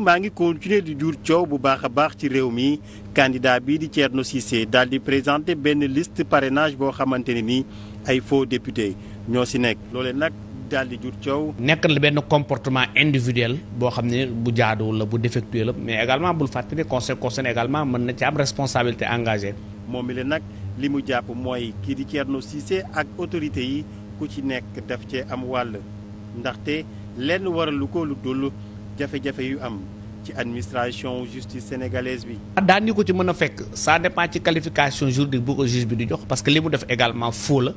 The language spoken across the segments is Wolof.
maa ngi continuer di jur coow bu baax a baax ci réew mi candidat bii di Thierno Cissé daal di présenté benn liste parrainage boo xamante ne ni ay faux député ñoo si nekk loole nag daal di jur coow. nekk na benn comportement individuel boo xam ne bu jaaduwul la bu défectueux la mais également bul fàtte ne conseil conseil également mën na ci am responsabilité engagé moom mi la nag li mu jàpp mooy kii di Thierno Cissé ak autorité yi ku ci nekk def cee am wàll ndaxte lenn waralu jafe-jafe yu am ci administration justice sénégalaise bi. daan ñu ko ci mën a fekk ça dépend ci qualification juridique bu ko juge bi di jox parce que li mu def également faux la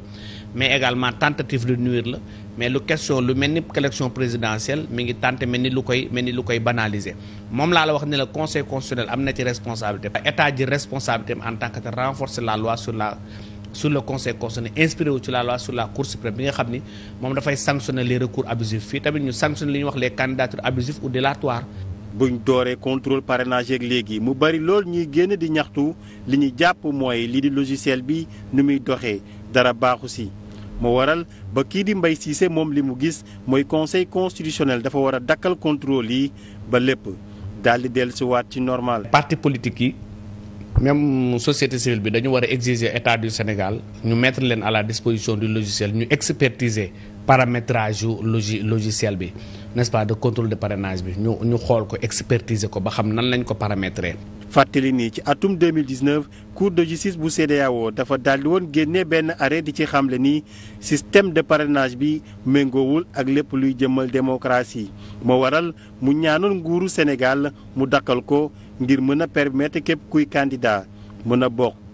mais également tentative de nuire la mais lu question lu mel ni élection présidentielle mi ngi tante mel ni lu koy mel ni lu koy banaliser moom laa la wax ni la conseil constitutionnel am na ci responsabilité. état ji responsabilité en tant que renforcer la loi sur la. sur le conseil concerné inspiré wu ci la loi sur la cour suprême bi nga xam ni moom dafay sanctionner les recours abusifs fii tamit ñu sanctionner li ñuy wax les candidatures abusives ou délatoires. ñu dooree contrôle parrainage yeeg léegi mu bari lool ñuy génn di ñaxtu li ñu jàpp mooy lii di logiciel bi nu muy doxee dara baaxu si. moo waral ba kii di Mbaye Cissé moom li mu gis mooy conseil constitutionnel dafa war a dakkal contrôle yi ba lépp daal di dellusiwaat ci normal. parti politique yi. même société civile bi dañu war a exiger état du Sénégal ñu mettre leen à la disposition du logiciel ñu expertiser paramétrage yu logi logiciel bi n'est-ce pas de contrôle de parrainage bi ñu ñu xool ko expertiser ko ba xam nan lañ ko paramétrer. fàttali nii ci atum 2019 cour de justice bu CEDEAO dafa daldi woon génne benn arrêt di ci xamle ni système de parrainage bi méngoowul ak lépp luy jëmmal démocratie moo waral mu ñaanul nguuru Sénégal mu dakkal ko ngir mën a permettre képp kuy candidat mën a bokk.